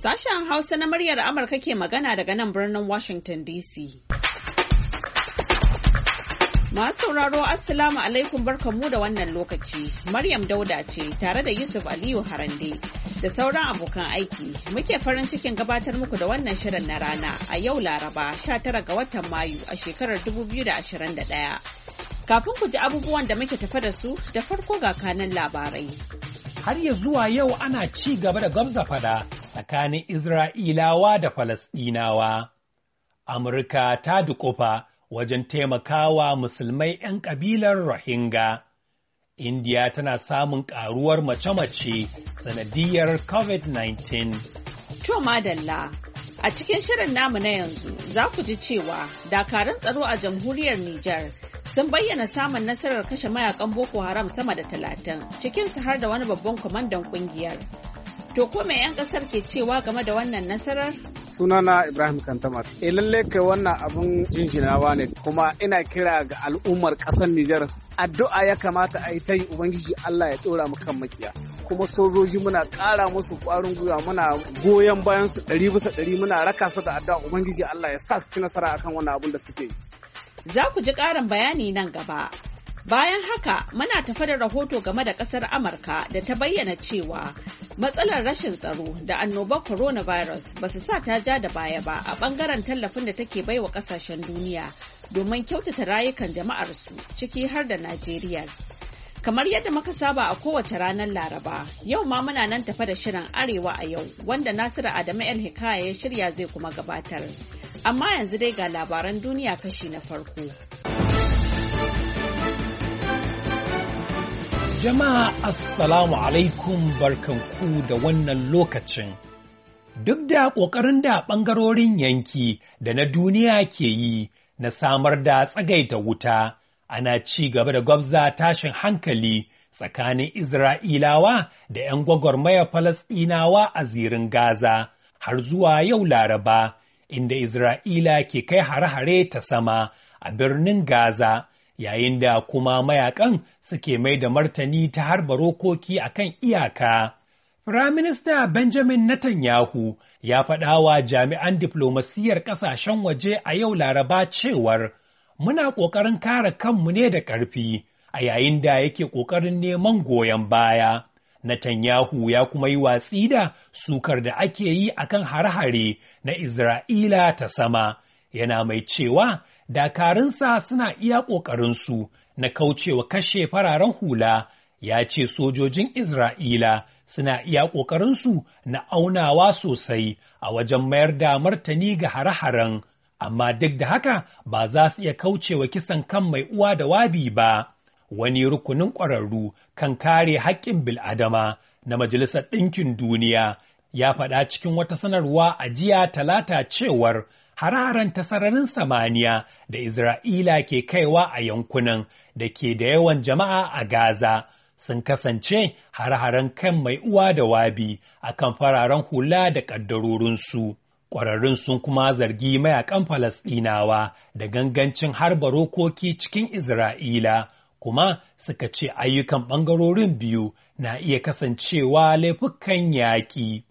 Sashen Hausa na muryar Amurka ke magana daga nan birnin Washington DC. Masu sauraro Assalamu alaikum mu da wannan lokaci. Maryam Dauda ce tare da Yusuf Aliyu Harande da sauran abokan aiki. Muke farin cikin gabatar muku da wannan shirin na rana a yau Laraba 19 ga watan Mayu a shekarar 2021. Kafin ku ji abubuwan da muke tafa da su da farko ga kanan labarai. har ya zuwa yau ana ci gaba da gamza fada tsakanin Isra'ilawa da Falasɗinawa. Amurka ta duƙufa wajen taimakawa musulmai 'yan ƙabilar Rohingya. Indiya tana samun ƙaruwar mace-mace sanadiyar COVID-19. To madalla, a cikin shirin namu na yanzu za ku ji cewa dakarun tsaro a jamhuriyar Nijar sun bayyana samun nasarar kashe mayakan boko haram sama da talatin cikinsu har da wani babban kwamandan kungiyar to ko me 'yan kasar ke cewa game da wannan nasarar sunana Ibrahim Kantamar. E eh, lalle kai wannan abun jinjinawa ne kuma ina kira ga al'ummar kasar Nijar. Addu'a ya kamata a yi ta yi Ubangiji Allah ya ɗora mu kan makiya. Kuma sojoji muna ƙara musu ƙwarin gwiwa muna goyon bayan su ɗari bisa ɗari muna raka su da addu'a Ubangiji Allah ya sa su ci nasara akan wannan abun da suke yi. Za ku ji ƙarin bayani nan gaba. Bayan haka muna tafa da rahoto game da ƙasar Amurka da ta bayyana cewa matsalar rashin tsaro da annobar coronavirus ba su sa ta ja da baya ba a ɓangaren tallafin da take baiwa ƙasashen duniya domin kyautata rayukan jama'arsu ciki har da Najeriya. Kamar yadda muka saba a kowace ranar Laraba, yau ma muna nan tafa da shirin Arewa a yau, wanda Nasiru Adamu El Hikaya ya shirya zai kuma gabatar. Amma yanzu dai ga labaran duniya kashi na farko. Jama'a Assalamu alaikum barkanku da wannan lokacin. Duk da ƙoƙarin da ɓangarorin yanki da na duniya ke yi na samar da tsagaita wuta ana ci gaba da gwabza tashin hankali tsakanin Isra'ilawa da ‘yan maya Falasɗinawa a zirin Gaza har zuwa yau Laraba, inda Isra'ila ke kai hare-hare ta sama a birnin Gaza, yayin da kuma mayakan suke mai da martani ta harba rokoki a kan iyaka. Firaminista Benjamin Netanyahu ya faɗawa jami'an diflomasiyyar ƙasashen waje a yau Laraba cewar muna ƙoƙarin kare kanmu ne da ƙarfi a yayin da yake ƙoƙarin neman goyon baya. natanyahu ya kuma yi watsi da sukar da ake yi akan hare-hare na Isra'ila ta sama, yana mai cewa dakarunsa suna iya ƙoƙarinsu na kaucewa kashe fararen hula, ya ce sojojin Isra'ila suna iya ƙoƙarinsu na aunawa sosai a wajen mayar da martani ga hare-haren amma duk da haka ba za su iya kauce wa kisan kan mai uwa da wabi ba. Wani rukunin ƙwararru kan kare haƙƙin bil'adama na Majalisar Ɗinkin Duniya ya faɗa cikin wata sanarwa a jiya talata cewar ta sararin samaniya da Isra'ila ke kaiwa a yankunan da ke da yawan jama'a a Gaza sun kasance hararen kan mai uwa da wabi a kan fararen hula da ƙaddarorinsu. Ƙwararrun sun kuma zargi mayakan Falasɗinawa da gangancin harba rokoki cikin Isra'ila, kuma suka ce ayyukan ɓangarorin biyu na iya kasancewa laifukan yaƙi.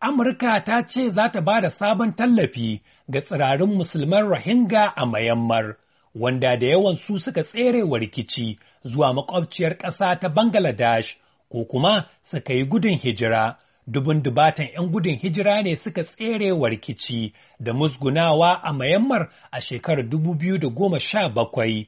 Amurka ta ce za ta ba da sabon tallafi ga tsirarin musulman Rohingya a Mayammar, wanda da yawan su suka tsere rikici zuwa makwabciyar ƙasa ta Bangladesh ko kuma suka yi gudun hijira Dubun dubatan 'yan gudun hijira ne suka tsere wa rikici da musgunawa a mayammar a shekarar bakwai,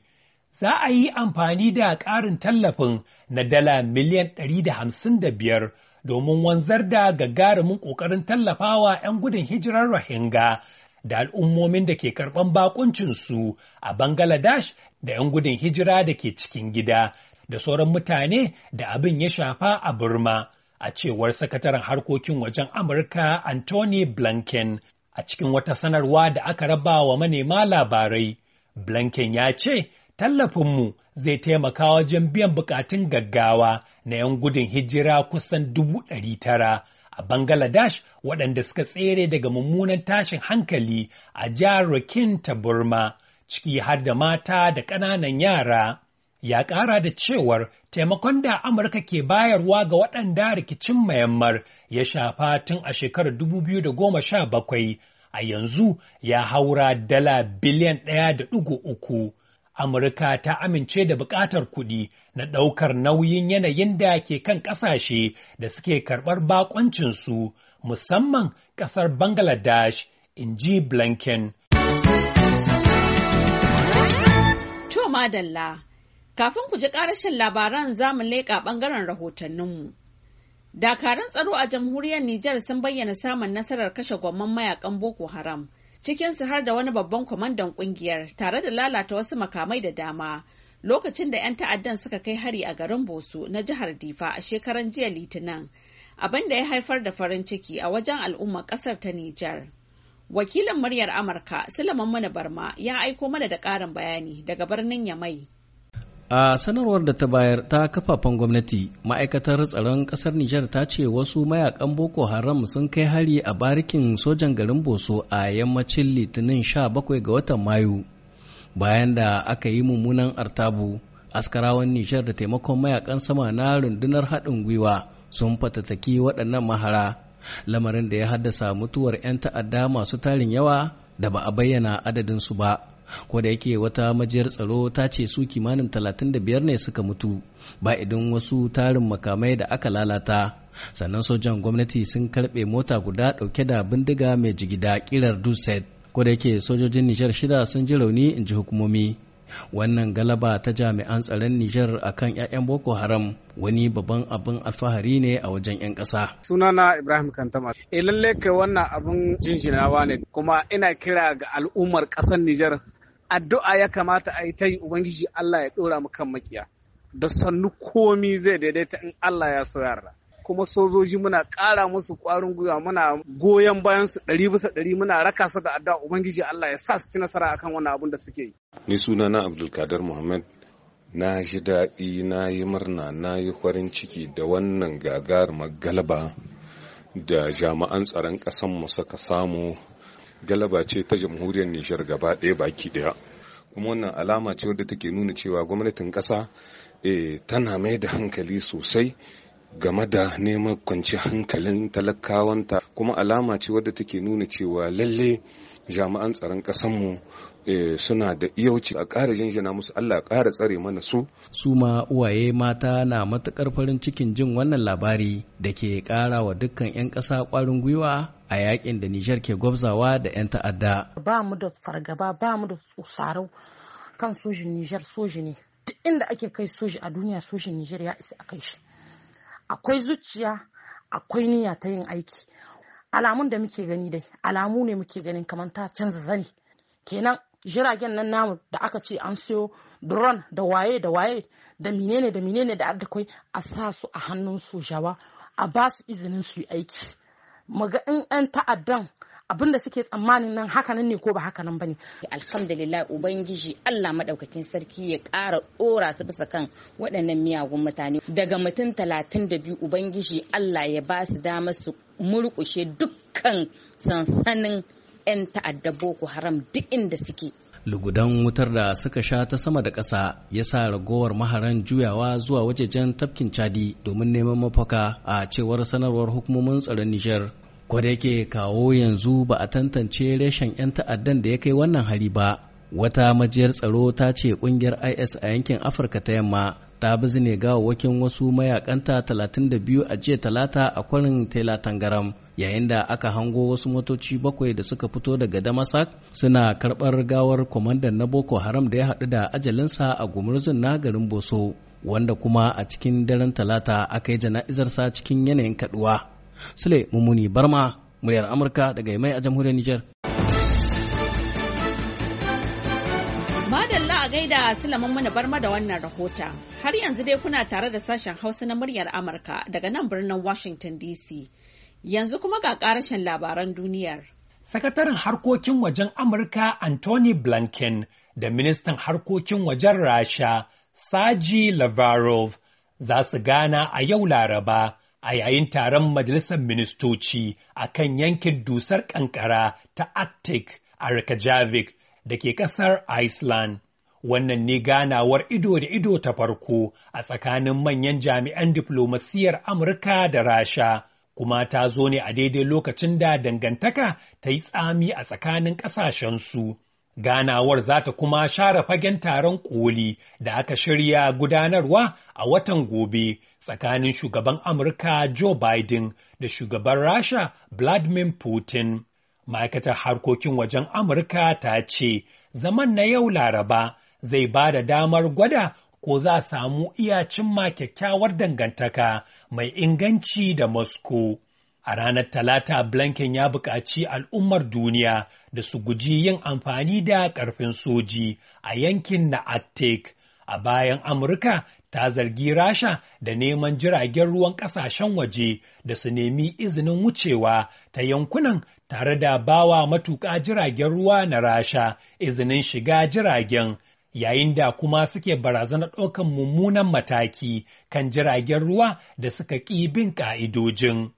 Za a yi amfani da ƙarin tallafin na dala miliyan ɗari da da hamsin biyar, domin wanzar da gagarumin ƙoƙarin tallafawa 'yan gudun hijirar Rohingya da al'ummomin da ke karɓan bakuncinsu a Bangladesh da 'yan gudun hijira da ke cikin gida da sauran mutane da abin ya shafa a Burma. a cewar sakataren harkokin wajen Amurka Anthony Blinken a cikin wata sanarwa da aka raba wa manema labarai. Blinken ya ce, tallafinmu zai taimaka wajen biyan bukatun gaggawa na 'yan gudun hijira kusan dubu ɗari tara a Bangladesh waɗanda suka tsere daga mummunan tashin hankali a jihar Rakhine ta Burma, ciki har da mata da ƙananan yara. Ya ƙara da cewar taimakon da Amurka ke bayarwa ga waɗanda rikicin Myanmar ya shafa tun a shekarar 2017 a yanzu ya haura dala biliyan ɗaya da ɗugu uku. Amurka ta amince da buƙatar kuɗi na ɗaukar nauyin yanayin da ke kan ƙasashe da suke karɓar su musamman ƙasar Bangladesh, in ji Blanken. To madalla. Kafin ku ji ƙarashin labaran za mu leƙa ɓangaren rahotanninmu. Dakarun tsaro a jamhuriyar Nijar sun bayyana samun nasarar kashe gwamman mayakan Boko Haram, cikinsu har da wani babban kwamandan ƙungiyar tare da lalata wasu makamai da dama. Lokacin da 'yan ta'addan suka kai hari a garin Bosu na jihar Difa a shekaran jiya Litinin, abin da ya haifar da farin ciki a wajen al'ummar ƙasar ta Nijar. Wakilin muryar Amurka, Sulaiman Mana Barma, ya aiko mana da ƙarin bayani daga birnin Yamai. A sanarwar da ta bayar ta kafafen gwamnati, ma'aikatar tsaron ƙasar Nijar ta ce wasu mayakan Boko Haram sun kai hari a barikin sojan garin Boso a yammacin Litinin 17 ga watan Mayu. Bayan da aka yi mummunan artabu, askarawan Nijar da taimakon mayakan sama na rundunar haɗin gwiwa sun fatattaki waɗannan mahara, lamarin da ya haddasa mutuwar 'yan ta'adda masu tarin yawa da ba a bayyana adadinsu ba. ko da yake wata majiyar tsaro ta ce su kimanin 35 ne suka mutu ba idan wasu tarin makamai da aka lalata sannan sojan gwamnati sun karbe mota guda dauke da bindiga mai jigida kirar dusset ko da yake sojojin nijar shida sun ji rauni in ji hukumomi wannan galaba ta jami'an tsaron Nijar akan 'ya'yan Boko Haram wani babban abin alfahari ne a wajen 'yan ƙasa. Sunana Ibrahim Kantama. E eh, lalle kai wannan abin jinjinawa ne kuma ina kira ga al'ummar ƙasar Nijar addu'a ya kamata a yi ta yi ubangiji Allah ya ɗora mu kan makiya da sannu komi zai daidaita in Allah ya so yarda kuma sojoji muna ƙara musu ƙwarin gwiwa muna goyon bayan su ɗari bisa ɗari muna raka su da addu'a ubangiji Allah ya sa su ci nasara akan wani abun da suke yi ni sunana Abdulkadir Muhammad na ji daɗi na yi murna na yi farin ciki da wannan gagarumar galaba da jami'an tsaron ƙasanmu suka samu galaba ce ta jamhuriyar Nijar gaba ɗaya baki ɗaya. Kuma wannan alama ce wadda take nuna cewa gwamnatin ƙasa eh, tana mai da hankali sosai game da neman kwanci hankalin talakawanta kuma alama ce wadda take nuna cewa lalle jami'an tsaron ƙasanmu eh, suna da iyauci a ƙara jinjina musu Allah ƙara tsare mana su. Su ma uwaye mata na matuƙar farin cikin jin wannan labari da ke ƙara wa dukkan 'yan ƙasa ƙwarin gwiwa a yakin da Nijar ke gwabzawa da 'yan ta'adda. Ba mu da fargaba ba mu da tsarau kan sojin Nijar soji ne. Duk inda ake kai soji a duniya sojin Nijar ya isa a kai shi. Akwai zuciya akwai niyya ta yin aiki. alamun da muke gani dai alamu ne muke ganin kamar ta canza zani kenan jiragen nan namu da aka ce an siyo drone da waye da waye da menene da menene da adakwai a sa su a hannun sojawa a ba su izinin su yi aiki maga in 'yan ta'addan abin da suke tsammanin nan hakanan ne ko ba hakanan bane alhamdulillah ubangiji Allah madaukakin sarki ya ƙara ɗora su bisa kan waɗannan miyagun mutane daga mutum talatin da biyu ubangiji Allah ya ba su dama su murƙushe dukkan sansanin 'yan ta'adda boko haram duk inda suke lugudan wutar da suka sha ta sama da ƙasa ya sa ragowar maharan juyawa zuwa wajejen tafkin chadi domin neman mafaka a cewar sanarwar hukumomin tsaron nijar kwada yake kawo yanzu ba a tantance reshen 'yan ta'addan da ya kai wannan hari ba wata majiyar tsaro ta ce kungiyar is a yankin afirka ta yamma ta bizne gawawwakin wasu mayakanta 32 a jiya talata a kwarin telatangaram yayin da aka hango wasu motoci bakwai da suka fito daga damasak suna karbar gawar kwamandan na boko haram da ya haɗu da ajalinsa a gumurzun na garin boso wanda kuma a cikin daren talata aka yi jana'izarsa cikin yanayin kaduwa Sule Mummuni Barma, muryar Amurka daga mai a jamhuriyar Nijar. Madalla a gaida Sulaiman mana barma da wannan rahota. Har yanzu dai kuna tare da sashen Hausa na muryar Amurka daga nan birnin Washington DC. Yanzu kuma ga karashen labaran duniyar. Sakataren harkokin wajen Amurka Anthony Blinken da ministan harkokin wajen Rasha Saji Lavarov za su gana a yau Laraba a yayin taron majalisar ministoci a kan yankin dusar ƙanƙara ta Arctic a Reykjavik da ke ƙasar Iceland. Wannan ne ganawar ido da ido ta farko a tsakanin manyan jami'an diplomasiyar Amurka da Rasha, kuma ta zo ne a daidai lokacin da dangantaka ta yi tsami a tsakanin ƙasashensu. Ganawar za ta kuma share fagen taron koli da aka shirya gudanarwa a watan gobe tsakanin shugaban Amurka Joe Biden da shugaban Rasha Vladimir Putin. Ma'aikatar harkokin wajen Amurka ta ce, zaman na yau Laraba zai ba da damar gwada ko za a samu iya cimma kyakkyawar dangantaka mai inganci da Moscow. A ranar Talata, Blinken ya buƙaci al'ummar duniya da su guji yin amfani da ƙarfin soji a yankin na Arctic. A bayan Amurka ta zargi Rasha da neman jiragen ruwan kasashen waje da su nemi izinin wucewa ta yankunan tare da bawa matuƙa jiragen ruwa na Rasha izinin shiga jiragen yayin da kuma suke barazanar ɗaukan mummunan mataki kan jiragen ruwa da suka ƙi bin ƙa'idojin.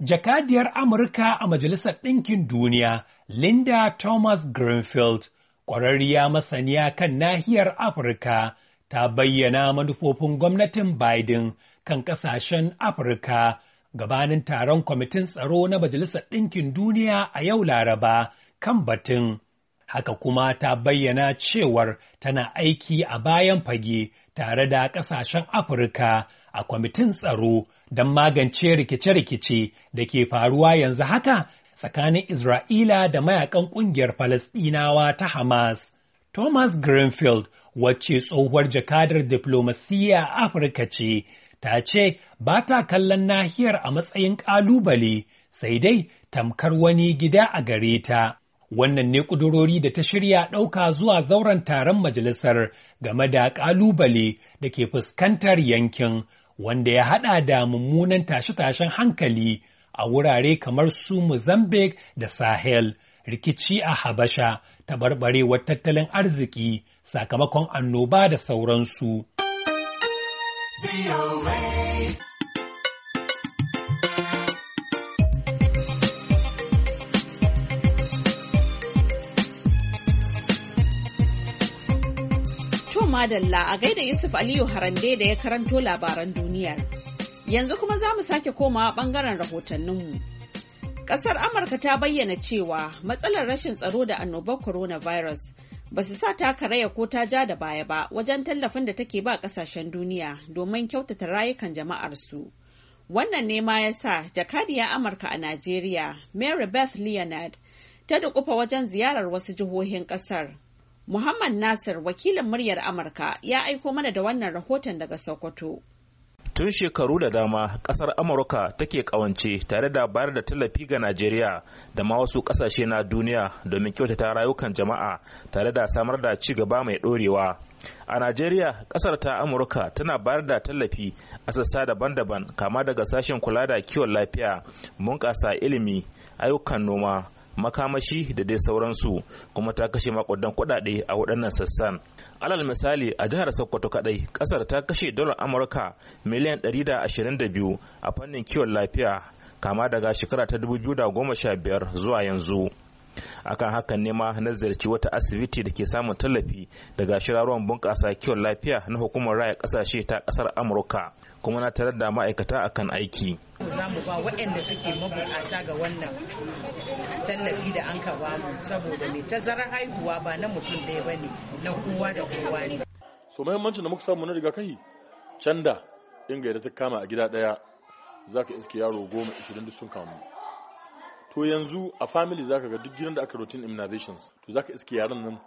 Jakadiyar Amurka a Majalisar Ɗinkin Duniya, Linda Thomas Greenfield, ƙwararriya masaniya kan nahiyar Afirka, ta bayyana manufofin gwamnatin Biden kan ƙasashen Afirka gabanin taron kwamitin tsaro na Majalisar Ɗinkin Duniya a yau Laraba kan batun. Haka kuma ta bayyana cewar tana aiki a bayan fage tare da ƙasashen Afirka a kwamitin tsaro don magance rikice-rikice da ke faruwa yanzu haka tsakanin Isra'ila da mayakan ƙungiyar Falasɗinawa ta Hamas. Thomas Greenfield, wacce tsohuwar jakadar diplomasiyya a Afirka ce, ta ce ba ta kallon nahiyar a matsayin ƙalubale, sai dai tamkar wani gida a gare ta. Wannan ne ƙudurori da ta shirya ɗauka zuwa zauren taron majalisar game da ƙalubale da ke fuskantar yankin, wanda ya haɗa da mummunan tashe-tashen hankali a wurare kamar su Mozambique da Sahel, rikici a Habasha Tabarbarewar tattalin arziki sakamakon annoba da sauransu. madalla a gaida Yusuf Aliyu Harande da ya karanto labaran duniyar. Yanzu kuma za mu sake komawa ɓangaren rahotanninmu. Kasar Amurka ta bayyana cewa matsalar rashin tsaro da annobar coronavirus ba su sa ta karaya ko ta ja da baya ba wajen tallafin da take ba kasashen duniya domin kyautata rayukan jama'arsu. Wannan ne ma ya sa jakadiyar Amurka a Najeriya, Mary Beth Leonard, ta dukufa wajen ziyarar wasu jihohin kasar. Muhammad Nasir, wakilin muryar Amurka, ya aiko mana da wannan rahoton daga Sokoto. tun shekaru da dama kasar amurka take kawance tare da bayar da tallafi ga najeriya da ma wasu kasashe na duniya domin kyautata rayukan jama'a tare da samar da ci gaba mai dorewa a najeriya kasar ta amurka tana bayar da tallafi a sassa daban-daban kama daga sashen kula da kiwon lafiya bunƙasa ilimi ayyukan noma makamashi da dai sauransu kuma ta kashe makudan kuɗaɗe a waɗannan sassan alal misali a jihar sokoto kadai ƙasar ta kashe dalar amurka miliyan 122 a fannin kiwon lafiya kama daga shekara ta 2015 zuwa yanzu akan hakan ne ma na ziyarci wata asibiti da ke samun tallafi daga shirarwan bunƙasa kiwon lafiya na hukumar raya ƙasashe ta ƙasar amurka kuma na tarar da ma'aikata akan aiki za mu ba waɗanda suke mabukata ga wannan tallafi da an ka mu saboda mai tazarar haihuwa ba na mutum ɗaya ba ne na kowa da kowa ne. so mahimmancin da muka samu na riga kai canda inga da ta kama a gida ɗaya za ka iske yaro goma ishirin duk sun kamu to yanzu a family za ka ga duk gidan da aka routine immunizations to za ka iske yaran nan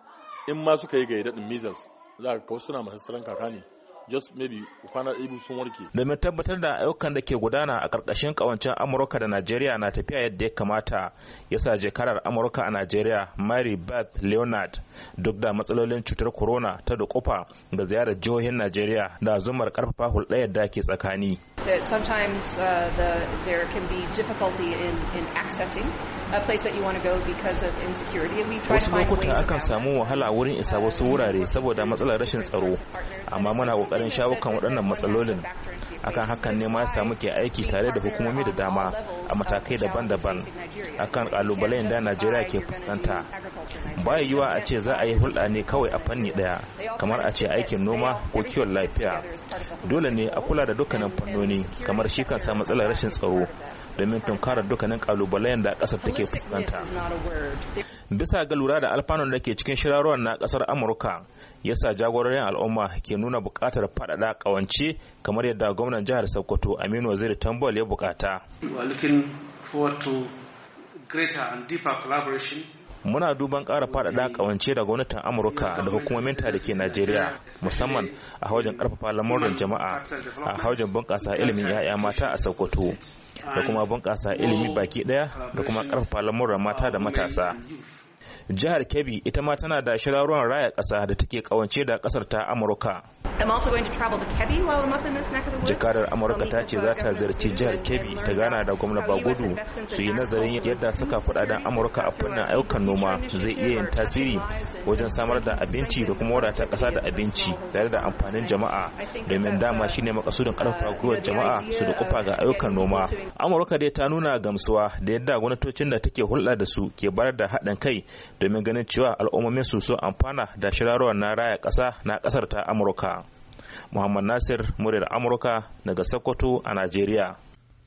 in ma suka yi ga yadda measles za ka kawo suna masu tsaron kaka ne just maybe kwana ɗaya sun warke. Domin tabbatar da ayyukan da ke gudana a ƙarƙashin ƙawancen Amurka da Najeriya na tafiya yadda ya kamata ya sa jekarar Amurka a Najeriya Mary Beth Leonard duk da matsalolin cutar corona ta da dukufa ga ziyarar jihohin Najeriya da zumar karfafa hulɗa yadda ke tsakani. that sometimes uh, the, there can be difficulty in, in accessing a place that you want to go because of insecurity and we try wasu lokuta akan samu wahala wurin isa wasu wurare saboda matsalar rashin tsaro amma muna kokarin shawo kan waɗannan matsalolin akan hakan ne ma samu ke aiki tare da hukumomi da dama a matakai daban-daban akan kalubalen da Najeriya ke fuskanta ba yiwuwa a ce za a yi hulɗa ne kawai a fanni ɗaya kamar a ce aikin noma ko kiwon lafiya dole ne a kula da dukkanin fannoni kamar shi kansa matsalar rashin tsaro domin tunkarar dukkanin kalubalen da kasar take fuskanta. Bisa ga lura da alfanun da ke cikin shirarwar na kasar Amurka, yasa jagororin al'umma ke nuna buƙatar faɗaɗa ƙawance kamar yadda gwamnan jihar Sokoto Aminu Waziri Tambol ya buƙata. We are muna duban ƙara faɗaɗa ƙawance da gwamnatin amurka da hukumomin da ke najeriya musamman a hawajin ƙarfafa lamurin jama'a a hawajin bunƙasa ilimin 'ya'ya mata a sokoto da kuma bunƙasa ilimi baki ɗaya da kuma ƙarfafa lamuran mata da matasa jihar kebbi ita ma tana da shirarruwan raya ƙasa da take kawance da ƙasar ta amurka jakadar amurka ta ce za ta ziyarci jihar kebbi ta gana da gwamna bagudu su yi nazarin yadda saka kudaden amurka a fannin ayyukan noma zai iya yin tasiri wajen samar da abinci da kuma wadata ƙasa da abinci tare da amfanin jama'a domin dama shine makasudin karfafa gwiwar jama'a su da kufa ga ayyukan noma amurka dai ta nuna gamsuwa da yadda gwamnatocin da take hulɗa da su ke bayar da haɗin kai domin ganin cewa al'ummomin su sun amfana da shirarwar na raya ƙasa na ƙasar ta amurka muhammad nasir muryar amurka daga sokoto a najeriya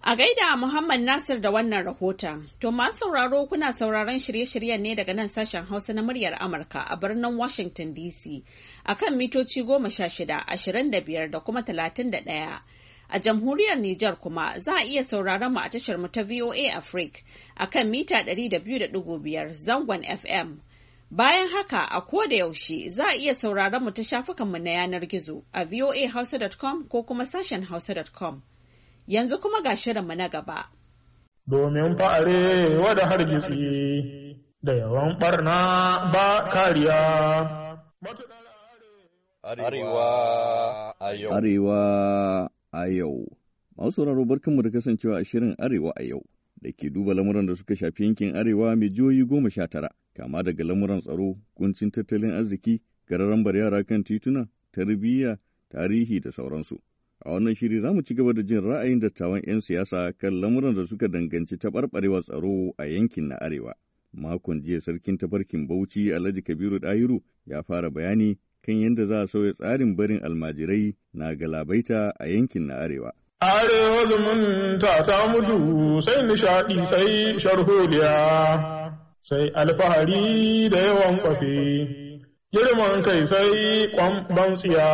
A gaida Muhammad Nasir da wannan rahoton, to masu sauraro kuna sauraron shirye-shiryen ne daga nan sashen Hausa na muryar Amurka a birnin Washington DC a kan mitoci goma sha shida, ashirin da biyar da kuma talatin da ɗaya. A jamhuriyar Nijar kuma za a iya sauraron mu a tashar mu ta VOA Africa a kan mita 200.5 zangon FM. Bayan haka a ko da yaushe za a iya sauraron mu ta shafukan mu na yanar gizo a voahausa.com ko kuma sashen hausa.com. Yanzu kuma ga shirin mu na gaba. Domin fa'are wada hargitsi da yawan barna ba kariya. Arewa a yau. Arewa a yau. Masu sauraro barkanmu da kasancewa a shirin Arewa a yau da ke duba lamuran da suka shafi yankin Arewa mai jihohi goma sha tara, kama daga lamuran tsaro, kuncin tattalin arziki, gararambar yara kan tituna, tarbiyya, tarihi da sauransu. A wannan shiri za mu ci gaba da jin ra'ayin dattawan 'yan siyasa kan lamuran da suka danganci taɓarɓarewa tsaro a yankin na Arewa. Makon jiya sarkin tafarkin Bauchi Alhaji Kabiru Dahiru ya fara bayani kan yadda za a sauya tsarin barin almajirai na galabaita a yankin na arewa. Arewa zumunta ta mutu sai nishaɗi sai sharholiya sai alfahari da yawan kwafe, girman kai sai kwamban tsiya.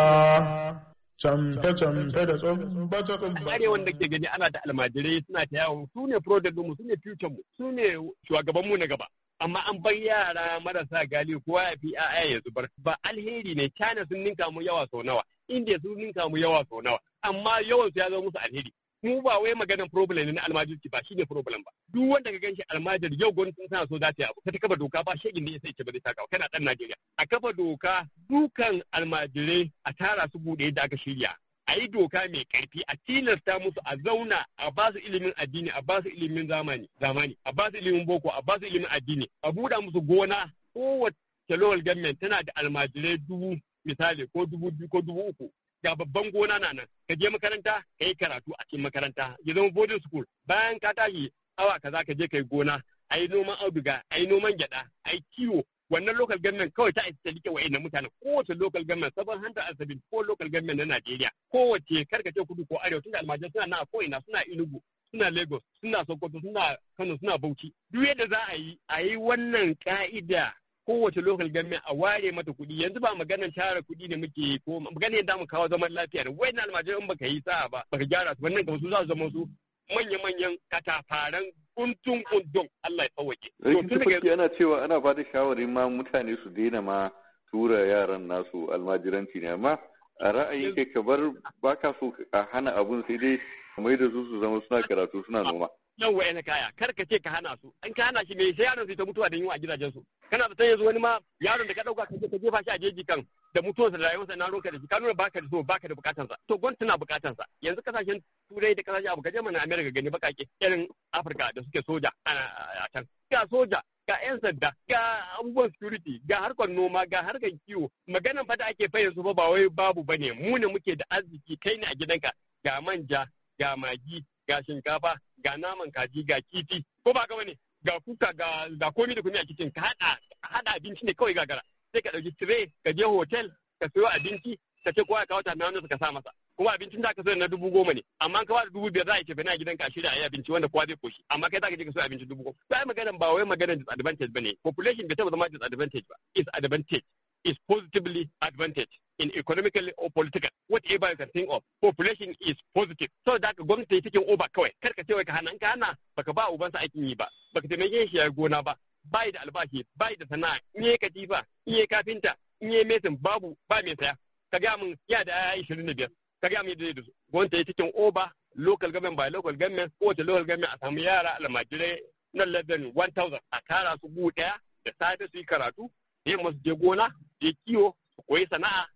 Camfe camfe da tsumbata tsumbata. Arewan da ke gani ana da almajirai suna ta yawo su ne project mu su ne future mu su ne shugabanmu na gaba. amma an bar yara marasa gali ko ya fi ya zubar ba alheri ne china sun ninka mu yawa sau nawa india sun ninka mu yawa sau nawa amma yawan su ya zama musu alheri mu ba wai maganar problem ne na almajirci ba shine problem ba duk wanda ka ganshi almajir yau sun sana so za ta yi abu ta kafa doka ba shegin da sai ce ba zai taka kana dan Najeriya a kafa doka dukan almajirai a tara su bude da aka shirya a yi doka mai karfi a tilasta musu a zauna a ba su ilimin addini a ba su ilimin zamani zamani a ba su ilimin boko a ba su ilimin addini a buɗa musu gona kowace local government tana da almajirai dubu misali ko dubu biyu ko dubu uku ga babban gona na nan ka je makaranta ka yi karatu a cikin makaranta ya zama boarding school bayan ka tashi awa kaza ka je ka yi gona a yi noman auduga a yi noman gyada a yi kiwo wannan local government kawai ta isa ta rike wa'annan mutanen kowace local government sabon hanta and seventy four local government na Najeriya kowace karkace kudu ko arewa tunda almajiran suna nan a ko'ina suna Enugu suna Lagos suna Sokoto suna Kano suna Bauchi duk yadda za a yi a yi wannan ka'ida kowace local government a ware mata kuɗi yanzu ba maganar tara kuɗi ne muke ko maganar yadda mu kawo zaman lafiya ne wayannan almajiran baka yi sa'a ba baka gyara su wannan gaba su za su zama su manya-manyan katafaren. kuntun kuntun Allah ya tsawake. Rikin ana cewa ana ba da shawari ma mutane su daina ma tura yaran nasu almajiranci ne amma a ra'ayin kai ka bar baka so a hana abun sai dai mai da su su zama suna karatu suna noma. yan wa'ina kaya kar ka ce ka hana su an ka hana shi me sai yaron su ta mutuwa da yunwa a gidajen su kana da tayyazu wani ma yaron da ka dauka ka jefa shi a jeji kan da sa da sa na ronka da shi ka nuna baka da so baka da bukatansa to gwamnati na bukatansa yanzu kasashen turai da kasashen abu gaje mana america gani bakake irin afirka da suke soja a can ga soja ga 'yan sanda ga abubuwan security ga harkar noma ga harkar kiwo maganan fa da ake fa yanzu ba wai babu bane mu ne muke da arziki kai ne a gidanka ga manja ga magi ga shinkafa ga naman kaji ga kifi ko ba ka ne? ga kuka ga ga komi da komi a kicin ka hada hada abinci ne kawai gagara sai ka dauki tire ka je hotel ka sayo abinci ka ce kowa ya na wani ka sa masa kuma abincin da ka sayo na dubu goma ne amma ka da dubu biyar za a ce bana ka a shirya a yi abinci wanda kowa zai koshi amma kai za ka je ka sayo abinci dubu goma sai maganar ba wai maganar disadvantage bane population bai taba zama disadvantage ba is advantage is positively advantaged in economically or political whatever you can think of population is positive so da ka gwamnati yi taking over kawai kar ka wai ka hana ka hana baka ba sa aikin yi ba baka taimake shi ya gona ba bai da albashi bai da sana'a in yi katifa in kafinta in yi mesin babu ba mai saya ka ga mun ya da ayi ishirin da biyar ka ga mun da da su gwamnati yi taking over local government by local government ko ta local government a samu yara almajirai na level 1000 a tara su gu daya da safe su karatu yin masu je gona je kiwo koyi sana'a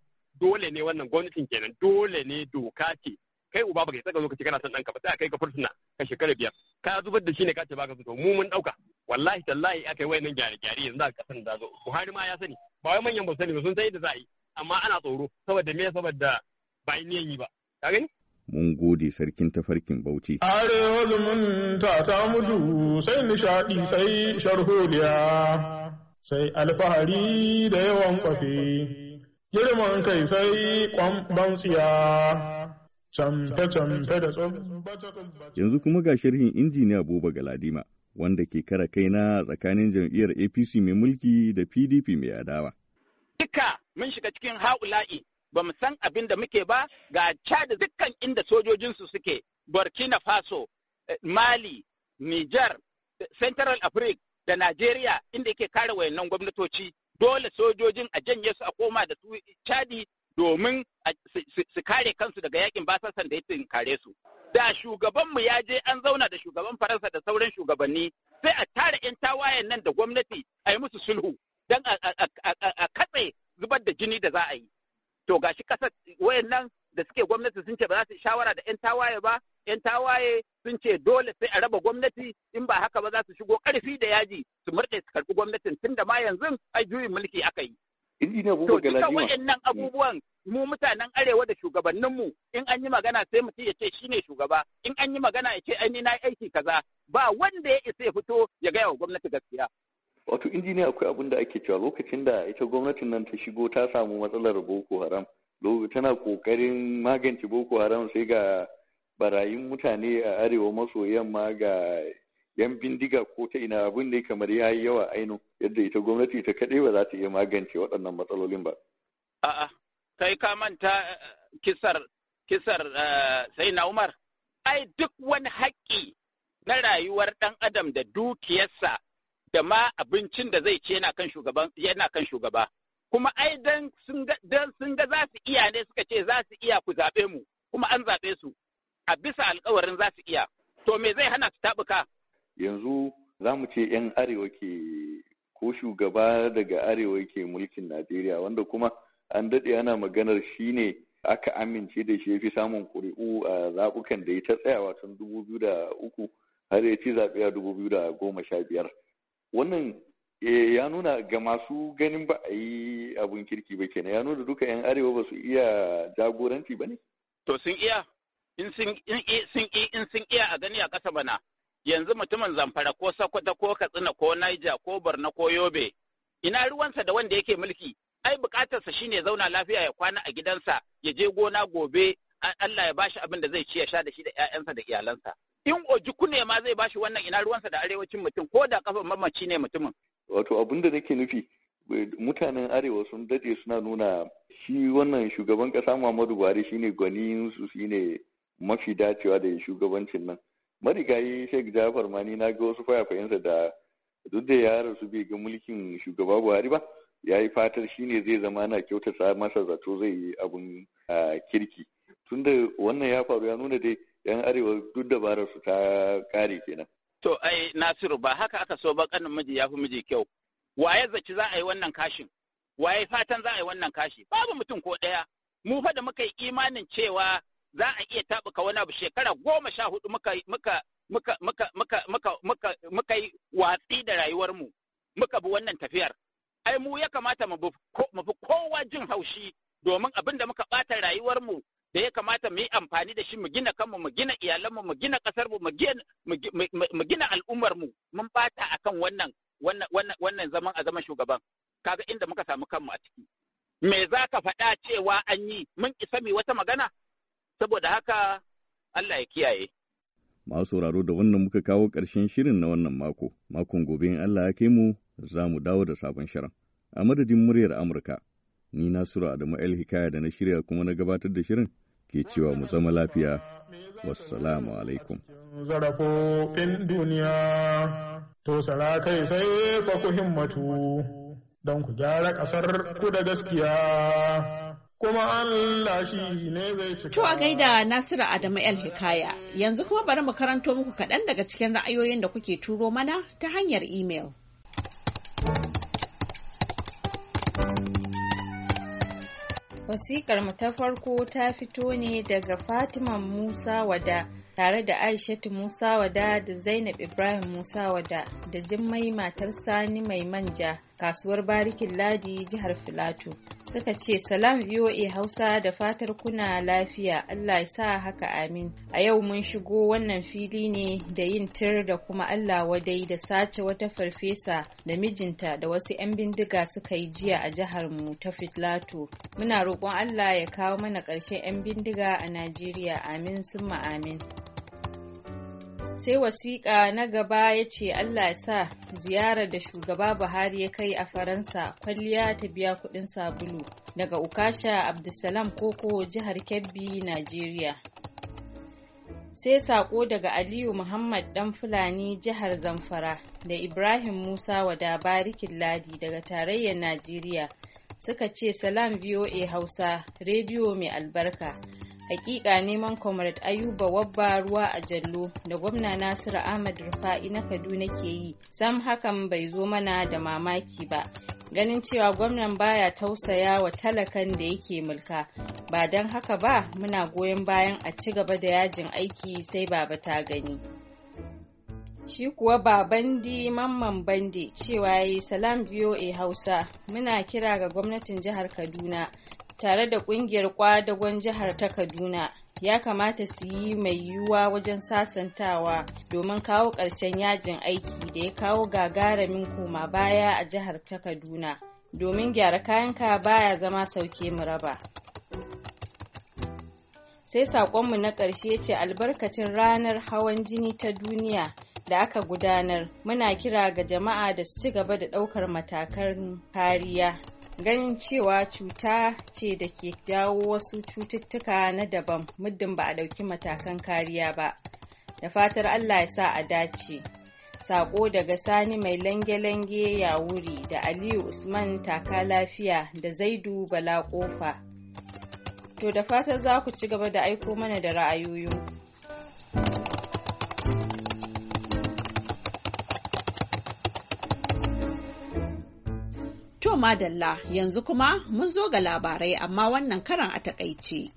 dole ne wannan gwamnatin kenan dole ne doka ce kai uba baka saka lokaci kana son ɗanka ba sai kai ka fursuna ka shekara biyar ka zubar da shi ne ka ce baka so mu mun ɗauka wallahi tallahi aka yi wayannan gyare gyare yanzu a kasan da zo Buhari ma ya sani ba wai manyan ba sani ba sun san yadda za a yi amma ana tsoro saboda me saboda ba niyan yi ba ka gani mun gode sarkin tafarkin bauchi are zumunta ta mutu sai nishaɗi sai sharholiya sai alfahari da yawan kwafi, girman kai sai ƙwamban tsiya, camfe-camfe da Yanzu kuma ga shirhin injiniya Buba Galadima, wanda ke kara kaina tsakanin jam'iyyar APC mai mulki da PDP mai adawa. Duka mun shiga cikin ha'ula'i, ba mu san abin da muke ba ga da dukkan inda sojojinsu suke, Burkina Faso, eh, Mali, Niger, eh, Central Africa, da Najeriya inda yake kare wayannan gwamnatoci dole sojojin a janye su a koma da su Chadi domin su kare kansu daga yakin basasan da yake kare su. Da shugabanmu ya je an zauna da shugaban Faransa da sauran shugabanni sai a tara 'yan tawayen nan da gwamnati a yi musu sulhu don a katse zubar da jini da za a yi. To gashi kasar wayan nan da suke gwamnati sun ce ba za su shawara da 'yan tawaye ba 'yan tawaye sun ce dole sai a raba gwamnati in ba haka ba za su shigo ƙarfi da yaji su murɗe su karɓi gwamnatin tun da ma yanzu a juyin mulki aka yi. To duka waɗannan mm. abubuwan mu mutanen arewa da shugabannin mu in an yi magana sai mutum ya ce shi ne shugaba in an yi magana ya ce aini na aiki kaza ba wanda ya isa ya fito ya gaya wa gwamnati gaskiya. Wato injiniya akwai abun da ake cewa lokacin da ita gwamnatin nan ta shigo ta samu matsalar Boko Haram. Tana kokarin magance Boko Haram sai ga barayin mutane a arewa maso yamma ga yan bindiga ko ta ina abin ne kamar ya yi yawa ainu yadda ita gwamnati ta kaɗai ba za ta iya magance waɗannan matsalolin ba. A'a, kai ka manta eh, kisar kisar eh, sai na Umar. Ai duk wani haƙƙi na rayuwar ɗan adam da dukiyarsa da ma abincin da zai ce yana kan shugaba. Kuma ai don sun ga za su iya ne suka ce za su iya ku zaɓe mu kuma an zaɓe su. a bisa alkawarin za su iya to me zai hana su tabuka yanzu za mu ce 'yan arewa ke ko shugaba daga arewa ke mulkin najeriya wanda kuma an daɗe ana maganar shi ne aka amince da shi ya fi samun ƙuri'u a zaɓukan da ya ta tsayawa tun uku har ya ci zaɓe a biyar. wannan eh, ya nuna ga masu ganin ba a yi abun kirki ba kenan ya nuna duka 'yan arewa ba su iya jagoranci ba ne? to sun iya Eh, eh, in sun iya a gani a ƙasa bana yanzu mutumin zamfara ko sokoto ko katsina ko naija ko borno ko yobe ina ruwansa da wanda yake mulki ai bukatarsa shine zauna lafiya ya kwana a gidansa ya je gona gobe Allah ya bashi abin da zai ci ya sha da shi da ƴaƴansa da iyalansa in oji ne ma zai bashi wannan ina ruwansa da arewacin mutum ko da kafin mamaci ne mutumin wato abin da nake nufi mutanen arewa sun dade suna nuna shi wannan shugaban kasa Muhammadu Buhari shine gwanin su shine mafi dacewa da shugabancin nan marigayi sheikh jafar mani na ga wasu fayafayensa da duk da ya rasu bai ga mulkin shugaba buhari ba ya yi fatar shine zai zama na kyautata masa zato zai yi abun kirki tunda wannan ya faru ya nuna dai yan arewa duk dabarar su ta kare kenan to ai nasiru ba haka aka so ba kanin miji ya fi miji kyau waye zaci za a yi wannan kashin waye fatan za a yi wannan kashi babu mutum ko ɗaya mu fa da muka yi imanin cewa za a iya tabuka wani abu shekara goma sha hudu muka yi watsi da rayuwarmu muka bi wannan tafiyar ai mu ya kamata mu fi kowa jin haushi domin abin da muka ɓata rayuwarmu da ya kamata mu yi amfani da shi mu gina kanmu mu gina iyalanmu mu gina ƙasarmu mu gina al'ummarmu mun bata a kan wannan zaman a zaman shugaban kaga inda muka samu kanmu a ciki me za ka faɗa cewa an yi mun isa mai wata magana saboda haka Allah ya kiyaye. Masu sauraro da wannan muka kawo ƙarshen shirin na wannan mako, makon gobe in Allah ya kai mu za mu dawo da sabon shirin. A madadin muryar Amurka, ni Nasiru Adamu El Hikaya da na shirya kuma na gabatar da shirin ke cewa mu zama lafiya. Wassalamu alaikum. Zarafofin duniya, to sarakai sai fa ku himmatu don ku gyara ƙasar ku da gaskiya. kuma Allah shi ne bai cika. To a gaida Nasiru Adamu El Hikaya, yanzu kuma bari mu karanto muku kaɗan daga cikin ra'ayoyin da kuke turo mana ta hanyar imel. Wasikar mu ta farko ta fito ne daga Fatima Musa wada. tare da aishatu musa wada da zainab ibrahim musa wada da jimmai matar sani mai manja kasuwar barikin ladi jihar filato suka ce salam voa hausa da fatar kuna lafiya allah ya sa haka amin a yau mun shigo wannan fili ne da yin tir da kuma allah wadai da sace wata farfesa da mijinta da wasu 'yan bindiga suka yi jiya a jihar mu ta filato muna roƙon allah ya kawo mana ƙarshen 'yan bindiga a najeriya amin summa amin sai wasiƙa na gaba ya ce allah ya sa ziyarar da shugaba buhari ya kai a faransa kwalliya ta biya kuɗin sabulu daga ukasha abdulsalam koko jihar kebbi Najeriya. sai saƙo daga aliyu muhammad ɗan fulani jihar zamfara da ibrahim musa wada barikin ladi daga tarayyar najeriya suka ce salam voa hausa rediyo mai albarka hakika neman comrade ayuba wabba ruwa a jallo da gwamna nasiru ahmad rufa'i na kaduna ke yi sam hakan bai zo mana da mamaki ba ganin cewa gwamnan baya tausaya wa talakan da yake mulka ba don haka ba muna goyon bayan a ci gaba da yajin aiki sai baba ta gani shi kuwa ba bandi mamman bandi cewa yi salam voa hausa muna kira ga gwamnatin jihar kaduna tare da kungiyar kwadagon jihar ta Kaduna ya kamata su yi mai yiwuwa wajen sasantawa domin kawo ƙarshen yajin aiki da ya kawo gagaramin koma baya a jihar ta Kaduna domin gyara kayan kayanka baya zama sauke mu raba. sai saƙonmu na ƙarshe ce albarkacin ranar hawan jini ta duniya da aka gudanar muna kira ga jama'a da su ci gaba da ɗaukar matakan kariya ganin cewa cuta ce da ke jawo wasu cututtuka na daban muddin ba a ɗauki matakan kariya ba da fatar allah ya sa a dace Saƙo daga sani mai lange-lange ya wuri da aliyu usman taka lafiya da zaidu bala kofa to da fatan za ku ci gaba da aiko mana da ra'ayoyinku To madalla yanzu kuma mun zo ga labarai amma wannan karan a takaice.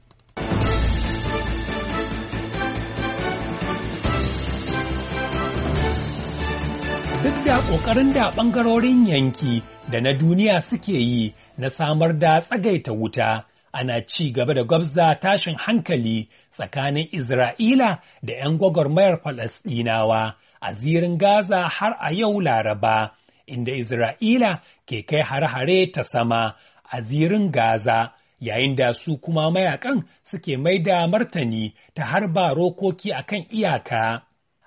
Duk da ƙoƙarin da ɓangarorin yanki da na duniya suke yi na samar da tsagaita wuta ana ci gaba da gwabza tashin hankali tsakanin Isra'ila da ‘yan gwagwarmayar Falasɗinawa a zirin Gaza har a yau Laraba. inda Isra'ila ke kai hare-hare ta sama a zirin Gaza yayin da su kuma mayakan suke mai da martani ta harba rokoki a kan iyaka.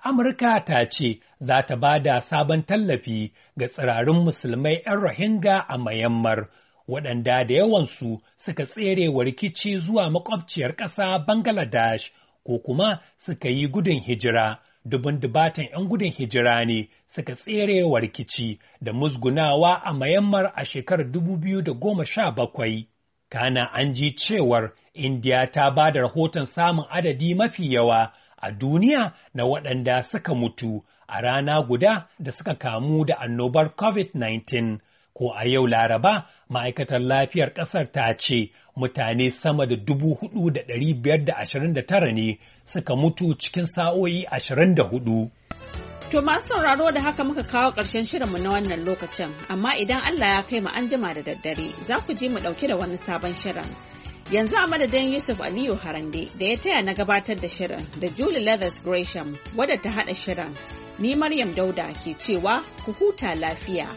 Amurka ta ce za ta ba da sabon tallafi ga tsirarin musulmai 'yan Rohingya a Mayammar, waɗanda da yawansu suka tsere rikici zuwa makwabciyar ƙasa Bangladesh ko kuma suka yi gudun hijira dubun dubatan 'yan gudun hijira ne suka tserewa rikici da musgunawa a mayammar a shekarar bakwai. Kana an ji cewar Indiya ta ba da rahoton samun adadi mafi yawa a duniya na waɗanda suka mutu a rana guda da suka kamu da annobar COVID-19 ko a yau laraba ma'aikatar lafiyar ƙasar ta ce mutane sama da dubu hudu da ɗari biyar da ashirin da tara ne suka mutu cikin sa'o'i ashirin da hudu. To masu sauraro da haka muka kawo ƙarshen shirinmu na wannan lokacin, amma idan Allah ya kai mu an jima da daddare za ku ji mu ɗauki da wani sabon shirin. Yanzu a madadin Yusuf Aliyu Harande da ya taya na gabatar da shirin da Julie Leathers Gresham wadda ta haɗa shirin. Ni Maryam Dauda ke cewa ku huta lafiya.